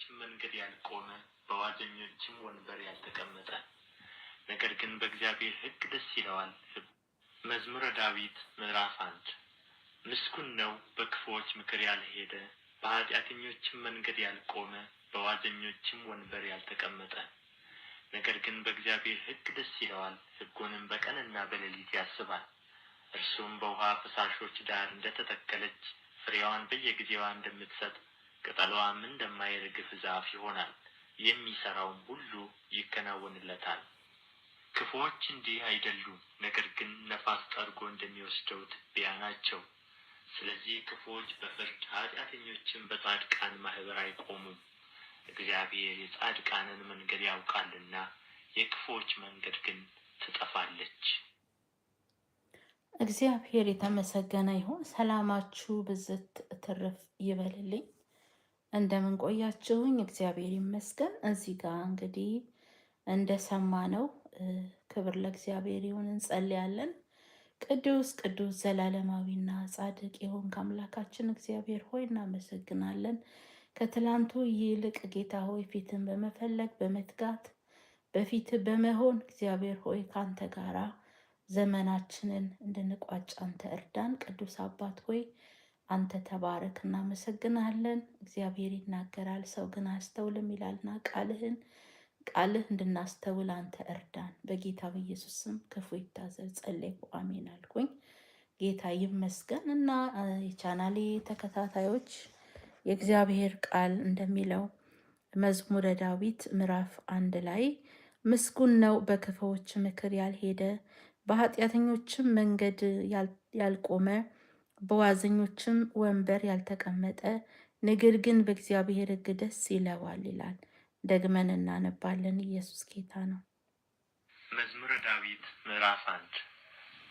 በሰዎችም መንገድ ያልቆመ በዋዘኞችም ወንበር ያልተቀመጠ ነገር ግን በእግዚአብሔር ሕግ ደስ ይለዋል። መዝሙረ ዳዊት ምዕራፍ አንድ ምስጉን ነው በክፉዎች ምክር ያልሄደ በኃጢአተኞችም መንገድ ያልቆመ በዋዘኞችም ወንበር ያልተቀመጠ ነገር ግን በእግዚአብሔር ሕግ ደስ ይለዋል፣ ሕጉንም በቀንና በሌሊት ያስባል። እርሱም በውሃ ፈሳሾች ዳር እንደተተከለች ፍሬዋን በየጊዜዋ እንደምትሰጥ ቅጠሏም እንደማይረግፍ ዛፍ ይሆናል፣ የሚሰራውም ሁሉ ይከናወንለታል። ክፉዎች እንዲህ አይደሉም፣ ነገር ግን ነፋስ ጠርጎ እንደሚወስደው ትቢያ ናቸው። ስለዚህ ክፉዎች በፍርድ ኃጢአተኞችን በጻድቃን ማህበር አይቆሙም። እግዚአብሔር የጻድቃንን መንገድ ያውቃልና የክፉዎች መንገድ ግን ትጠፋለች። እግዚአብሔር የተመሰገነ ይሁን። ሰላማችሁ ብዝት ትርፍ ይበልልኝ። እንደምን ቆያችሁኝ? እግዚአብሔር ይመስገን። እዚህ ጋር እንግዲህ እንደሰማ ነው። ክብር ለእግዚአብሔር ይሁን። እንጸልያለን። ቅዱስ ቅዱስ ዘላለማዊና ጻድቅ የሆን አምላካችን እግዚአብሔር ሆይ እናመሰግናለን። ከትላንቱ ይልቅ ጌታ ሆይ ፊትን በመፈለግ በመትጋት በፊት በመሆን እግዚአብሔር ሆይ ከአንተ ጋራ ዘመናችንን እንድንቋጭ አንተ እርዳን። ቅዱስ አባት ሆይ አንተ ተባረክ፣ እናመሰግናለን። እግዚአብሔር ይናገራል፣ ሰው ግን አያስተውልም ይላልና ቃልህን ቃልህ እንድናስተውል አንተ እርዳን። በጌታ በኢየሱስ ስም ክፉ ይታዘዝ። ጸለይኩ፣ አሜን አልኩኝ። ጌታ ይመስገን እና የቻናሌ ተከታታዮች የእግዚአብሔር ቃል እንደሚለው መዝሙረ ዳዊት ምዕራፍ አንድ ላይ ምስጉን ነው በክፉዎች ምክር ያልሄደ በኃጢአተኞችም መንገድ ያልቆመ በዋዘኞችም ወንበር ያልተቀመጠ ነገር ግን በእግዚአብሔር ሕግ ደስ ይለዋል ይላል። ደግመን እናነባለን። ኢየሱስ ጌታ ነው። መዝሙረ ዳዊት ምዕራፍ አንድ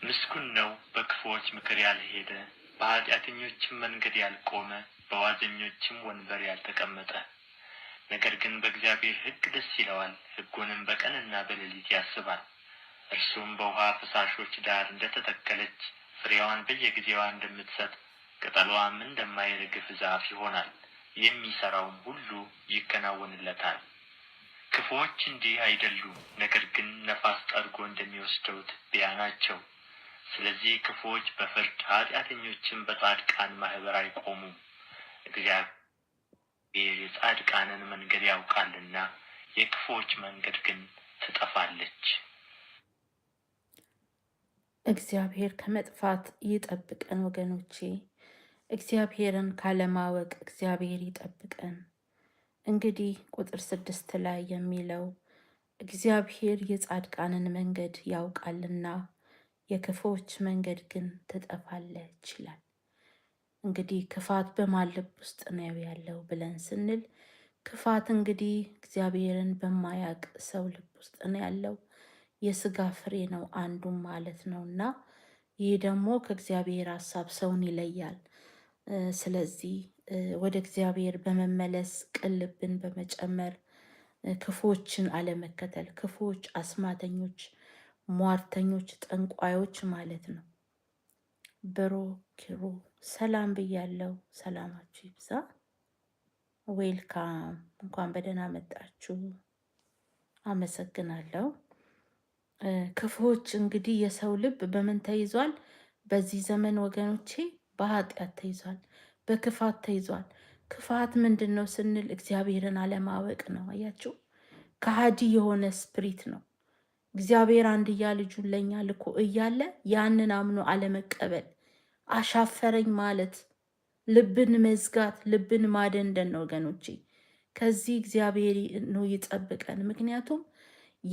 ምስጉን ነው በክፉዎች ምክር ያልሄደ በኃጢአተኞችም መንገድ ያልቆመ በዋዘኞችም ወንበር ያልተቀመጠ ነገር ግን በእግዚአብሔር ሕግ ደስ ይለዋል፣ ሕጉንም በቀንና በሌሊት ያስባል። እርሱም በውሃ ፈሳሾች ዳር እንደተተከለች ፍሬዋን በየጊዜዋ እንደምትሰጥ ቅጠሏም እንደማይረግፍ ዛፍ ይሆናል። የሚሰራውም ሁሉ ይከናወንለታል። ክፉዎች እንዲህ አይደሉም፣ ነገር ግን ነፋስ ጠርጎ እንደሚወስደው ትቢያ ናቸው። ስለዚህ ክፉዎች በፍርድ ኃጢአተኞችን በጻድቃን ማህበር አይቆሙም። እግዚአብሔር የጻድቃንን መንገድ ያውቃልና የክፉዎች መንገድ ግን ትጠፋለች። እግዚአብሔር ከመጥፋት ይጠብቀን ወገኖቼ። እግዚአብሔርን ካለማወቅ እግዚአብሔር ይጠብቀን። እንግዲህ ቁጥር ስድስት ላይ የሚለው እግዚአብሔር የጻድቃንን መንገድ ያውቃልና የክፎች መንገድ ግን ትጠፋለች ይላል። እንግዲህ ክፋት በማን ልብ ውስጥ ነው ያለው ብለን ስንል ክፋት እንግዲህ እግዚአብሔርን በማያውቅ ሰው ልብ ውስጥ ነው ያለው። የስጋ ፍሬ ነው አንዱም ማለት ነው እና ይህ ደግሞ ከእግዚአብሔር ሀሳብ ሰውን ይለያል። ስለዚህ ወደ እግዚአብሔር በመመለስ ቅልብን በመጨመር ክፉዎችን አለመከተል፣ ክፉዎች፣ አስማተኞች፣ ሟርተኞች፣ ጠንቋዮች ማለት ነው። ብሮ ኪሩ ሰላም ብያለው። ሰላማችሁ ይብዛ። ዌልካም፣ እንኳን በደህና መጣችሁ። አመሰግናለሁ። ክፉዎች እንግዲህ የሰው ልብ በምን ተይዟል? በዚህ ዘመን ወገኖቼ በኃጢአት ተይዟል፣ በክፋት ተይዟል። ክፋት ምንድን ነው ስንል እግዚአብሔርን አለማወቅ ነው። አያችሁ፣ ከሃዲ የሆነ ስፕሪት ነው። እግዚአብሔር አንድያ ልጁን ለእኛ ልኮ እያለ ያንን አምኖ አለመቀበል፣ አሻፈረኝ ማለት ልብን መዝጋት፣ ልብን ማደንደን ነው ወገኖቼ። ከዚህ እግዚአብሔር ነው ይጠብቀን። ምክንያቱም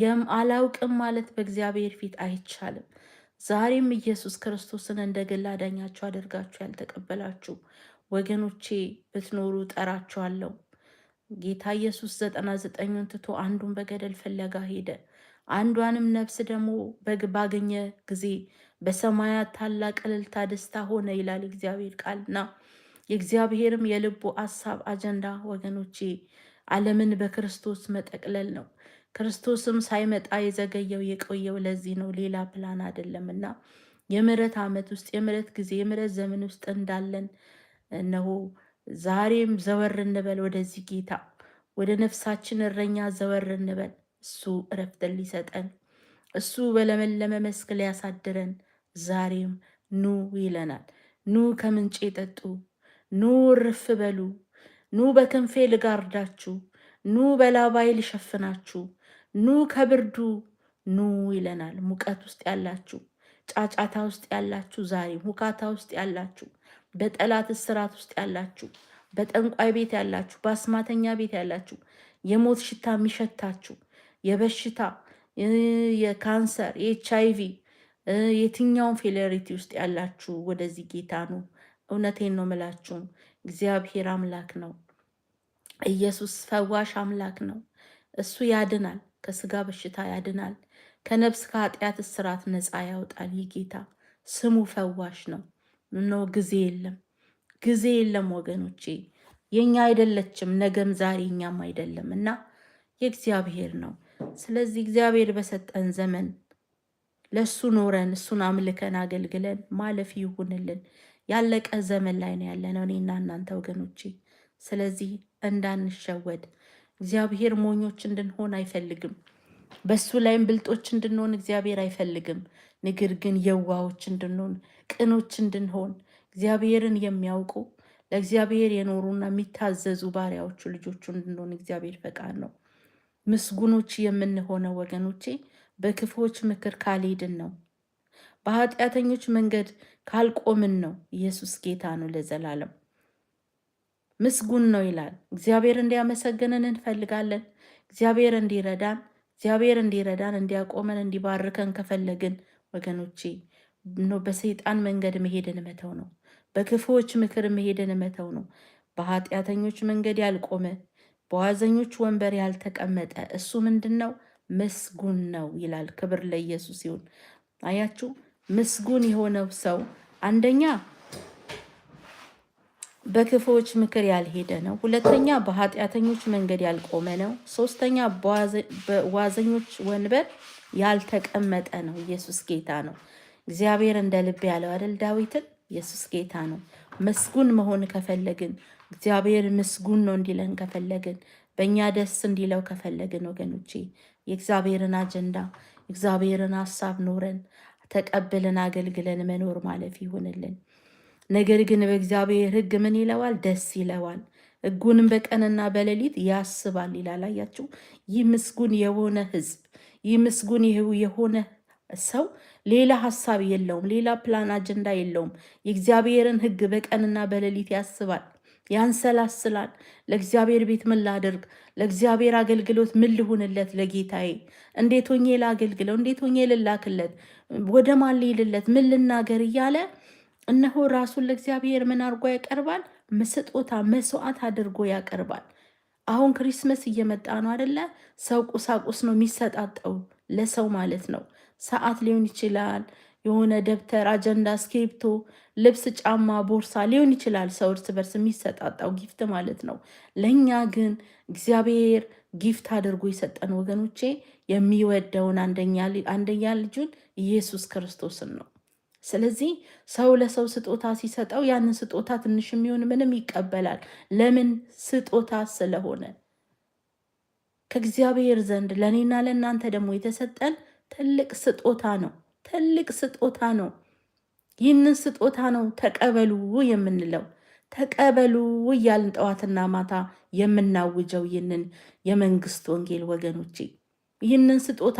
የም አላውቅም ማለት በእግዚአብሔር ፊት አይቻልም። ዛሬም ኢየሱስ ክርስቶስን እንደ ግል አዳኛችሁ አድርጋችሁ ያልተቀበላችሁ ወገኖቼ ብትኖሩ ጠራችኋለሁ። ጌታ ኢየሱስ ዘጠና ዘጠኙን ትቶ አንዱን በገደል ፍለጋ ሄደ። አንዷንም ነፍስ ደግሞ በግ ባገኘ ጊዜ በሰማያት ታላቅ እልልታ ደስታ ሆነ ይላል እግዚአብሔር ቃልና የእግዚአብሔርም የልቡ አሳብ አጀንዳ ወገኖቼ ዓለምን በክርስቶስ መጠቅለል ነው። ክርስቶስም ሳይመጣ የዘገየው የቆየው ለዚህ ነው፣ ሌላ ፕላን አይደለም እና የምሕረት ዓመት ውስጥ የምሕረት ጊዜ የምሕረት ዘመን ውስጥ እንዳለን እነሆ ዛሬም ዘወር እንበል ወደዚህ ጌታ ወደ ነፍሳችን እረኛ ዘወር እንበል። እሱ እረፍትን ሊሰጠን እሱ በለመለመ መስክ ሊያሳድረን ዛሬም ኑ ይለናል። ኑ ከምንጭ ጠጡ፣ ኑ እርፍ በሉ፣ ኑ በክንፌ ልጋርዳችሁ፣ ኑ በላባይ ልሸፍናችሁ ኑ ከብርዱ ኑ ይለናል። ሙቀት ውስጥ ያላችሁ፣ ጫጫታ ውስጥ ያላችሁ፣ ዛሬ ሁካታ ውስጥ ያላችሁ፣ በጠላት እስራት ውስጥ ያላችሁ፣ በጠንቋይ ቤት ያላችሁ፣ በአስማተኛ ቤት ያላችሁ፣ የሞት ሽታ የሚሸታችሁ፣ የበሽታ የካንሰር የኤች አይ ቪ የትኛውን ፌሌሪቲ ውስጥ ያላችሁ ወደዚህ ጌታ ነው። እውነቴን ነው ምላችሁ፣ እግዚአብሔር አምላክ ነው። ኢየሱስ ፈዋሽ አምላክ ነው። እሱ ያድናል። ከስጋ በሽታ ያድናል፣ ከነብስ ከኃጢአት እስራት ነፃ ያወጣል። ይህ ጌታ ስሙ ፈዋሽ ነው። ምነው ጊዜ የለም፣ ጊዜ የለም ወገኖቼ። የኛ አይደለችም፣ ነገም ዛሬ እኛም አይደለም እና የእግዚአብሔር ነው። ስለዚህ እግዚአብሔር በሰጠን ዘመን ለእሱ ኖረን እሱን አምልከን አገልግለን ማለፍ ይሁንልን። ያለቀ ዘመን ላይ ነው ያለነው እኔና እናንተ ወገኖቼ። ስለዚህ እንዳንሸወድ እግዚአብሔር ሞኞች እንድንሆን አይፈልግም። በሱ ላይም ብልጦች እንድንሆን እግዚአብሔር አይፈልግም። ንግር ግን የዋዎች እንድንሆን፣ ቅኖች እንድንሆን እግዚአብሔርን የሚያውቁ ለእግዚአብሔር የኖሩና የሚታዘዙ ባሪያዎቹ ልጆቹ እንድንሆን እግዚአብሔር ፈቃድ ነው። ምስጉኖች የምንሆነው ወገኖቼ በክፉዎች ምክር ካልሄድን ነው። በኃጢአተኞች መንገድ ካልቆምን ነው። ኢየሱስ ጌታ ነው ለዘላለም። ምስጉን ነው ይላል። እግዚአብሔር እንዲያመሰግንን እንፈልጋለን። እግዚአብሔር እንዲረዳን እግዚአብሔር እንዲረዳን እንዲያቆመን እንዲባርከን ከፈለግን ወገኖቼ በሰይጣን መንገድ መሄድን መተው ነው። በክፉዎች ምክር መሄድን መተው ነው። በኃጢአተኞች መንገድ ያልቆመ በዋዘኞች ወንበር ያልተቀመጠ እሱ ምንድን ነው? ምስጉን ነው ይላል። ክብር ለኢየሱስ ይሁን። አያችሁ ምስጉን የሆነው ሰው አንደኛ በክፉዎች ምክር ያልሄደ ነው። ሁለተኛ በኃጢአተኞች መንገድ ያልቆመ ነው። ሶስተኛ በዋዘኞች ወንበር ያልተቀመጠ ነው። ኢየሱስ ጌታ ነው። እግዚአብሔር እንደ ልብ ያለው አይደል? ዳዊትን ኢየሱስ ጌታ ነው። ምስጉን መሆን ከፈለግን እግዚአብሔር ምስጉን ነው እንዲለን ከፈለግን በእኛ ደስ እንዲለው ከፈለግን ወገኖቼ የእግዚአብሔርን አጀንዳ የእግዚአብሔርን ሀሳብ ኖረን ተቀብለን አገልግለን መኖር ማለፍ ይሆንልን። ነገር ግን በእግዚአብሔር ሕግ ምን ይለዋል? ደስ ይለዋል፣ ሕጉንም በቀንና በሌሊት ያስባል ይላል። አያችሁ፣ ይህ ምስጉን የሆነ ሕዝብ ይህ ምስጉን የሆነ ሰው ሌላ ሀሳብ የለውም፣ ሌላ ፕላን አጀንዳ የለውም። የእግዚአብሔርን ሕግ በቀንና በሌሊት ያስባል፣ ያንሰላስላል። ለእግዚአብሔር ቤት ምን ላድርግ? ለእግዚአብሔር አገልግሎት ምን ልሁንለት? ለጌታዬ እንዴት ሆኜ ላገልግለው? እንዴት ሆኜ ልላክለት? ወደ ማን ልሂድለት? ምን ልናገር? እያለ እነሆ ራሱን ለእግዚአብሔር ምን አድርጎ ያቀርባል? ስጦታ መስዋዕት አድርጎ ያቀርባል። አሁን ክሪስመስ እየመጣ ነው አደለ? ሰው ቁሳቁስ ነው የሚሰጣጠው ለሰው ማለት ነው። ሰዓት ሊሆን ይችላል፣ የሆነ ደብተር፣ አጀንዳ፣ እስክሪብቶ፣ ልብስ፣ ጫማ፣ ቦርሳ ሊሆን ይችላል። ሰው እርስ በርስ የሚሰጣጣው ጊፍት ማለት ነው። ለእኛ ግን እግዚአብሔር ጊፍት አድርጎ የሰጠን ወገኖቼ የሚወደውን አንደኛ ልጁን ኢየሱስ ክርስቶስን ነው። ስለዚህ ሰው ለሰው ስጦታ ሲሰጠው ያንን ስጦታ ትንሽ የሚሆን ምንም ይቀበላል። ለምን? ስጦታ ስለሆነ። ከእግዚአብሔር ዘንድ ለእኔና ለእናንተ ደግሞ የተሰጠን ትልቅ ስጦታ ነው። ትልቅ ስጦታ ነው። ይህንን ስጦታ ነው ተቀበሉ የምንለው ተቀበሉ እያልን ጠዋትና ማታ የምናውጀው ይህንን የመንግስት ወንጌል ወገኖቼ፣ ይህንን ስጦታ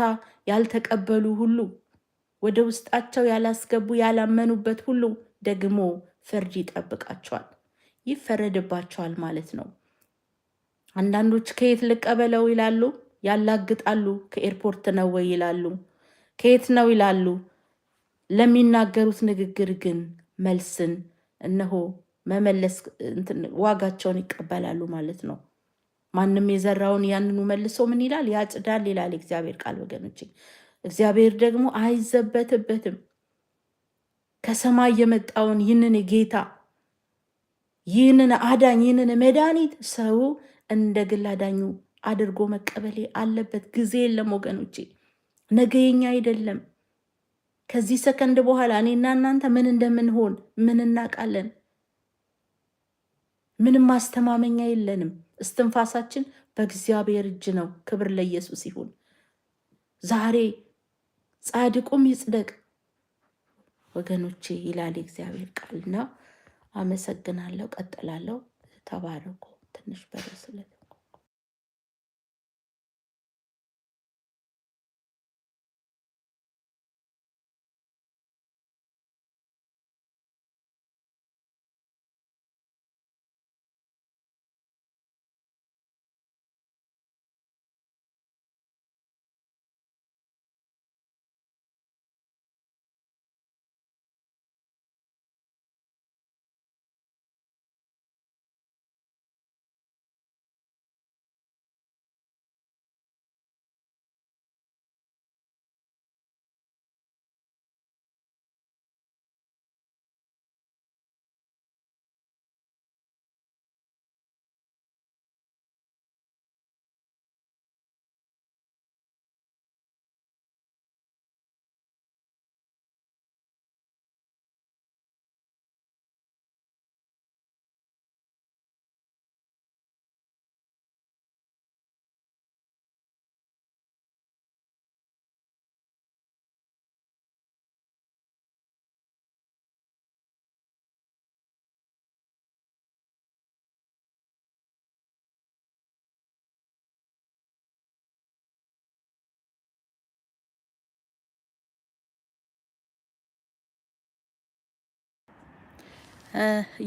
ያልተቀበሉ ሁሉ ወደ ውስጣቸው ያላስገቡ ያላመኑበት ሁሉ ደግሞ ፍርድ ይጠብቃቸዋል፣ ይፈረድባቸዋል ማለት ነው። አንዳንዶች ከየት ልቀበለው ይላሉ፣ ያላግጣሉ። ከኤርፖርት ነው ወይ ይላሉ፣ ከየት ነው ይላሉ። ለሚናገሩት ንግግር ግን መልስን እነሆ መመለስ ዋጋቸውን ይቀበላሉ ማለት ነው። ማንም የዘራውን ያንኑ መልሶ ምን ይላል? ያጭዳል ይላል እግዚአብሔር ቃል ወገኖች። እግዚአብሔር ደግሞ አይዘበትበትም። ከሰማይ የመጣውን ይህንን ጌታ ይህንን አዳኝ ይህንን መድኃኒት ሰው እንደ ግል አዳኙ አድርጎ መቀበሌ አለበት። ጊዜ የለም ወገኖቼ፣ ነገ የኛ አይደለም። ከዚህ ሰከንድ በኋላ እኔና እናንተ ምን እንደምንሆን ምን እናውቃለን? ምንም ማስተማመኛ የለንም። እስትንፋሳችን በእግዚአብሔር እጅ ነው። ክብር ለኢየሱስ ይሁን ዛሬ ጻድቁም ይጽደቅ ወገኖቼ ይላል እግዚአብሔር ቃልና አመሰግናለሁ። ቀጥላለሁ። ተባረኩ። ትንሽ በደስለት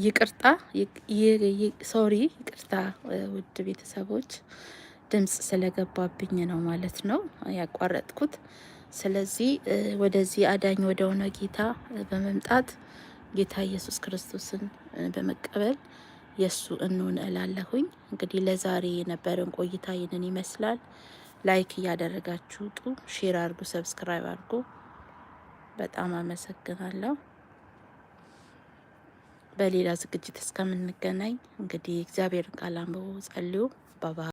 ይቅርታ ሶሪ፣ ይቅርታ ውድ ቤተሰቦች ድምጽ ስለገባብኝ ነው ማለት ነው ያቋረጥኩት። ስለዚህ ወደዚህ አዳኝ ወደ ሆነ ጌታ በመምጣት ጌታ ኢየሱስ ክርስቶስን በመቀበል የእሱ እንሆን እላለሁኝ። እንግዲህ ለዛሬ የነበረን ቆይታ ይህንን ይመስላል። ላይክ እያደረጋችሁ ጡ፣ ሼር አርጉ፣ ሰብስክራይብ አርጉ። በጣም አመሰግናለሁ። በሌላ ዝግጅት እስከምንገናኝ እንግዲህ እግዚአብሔርን ቃል አንብቡ፣ ጸልዩ። ባባ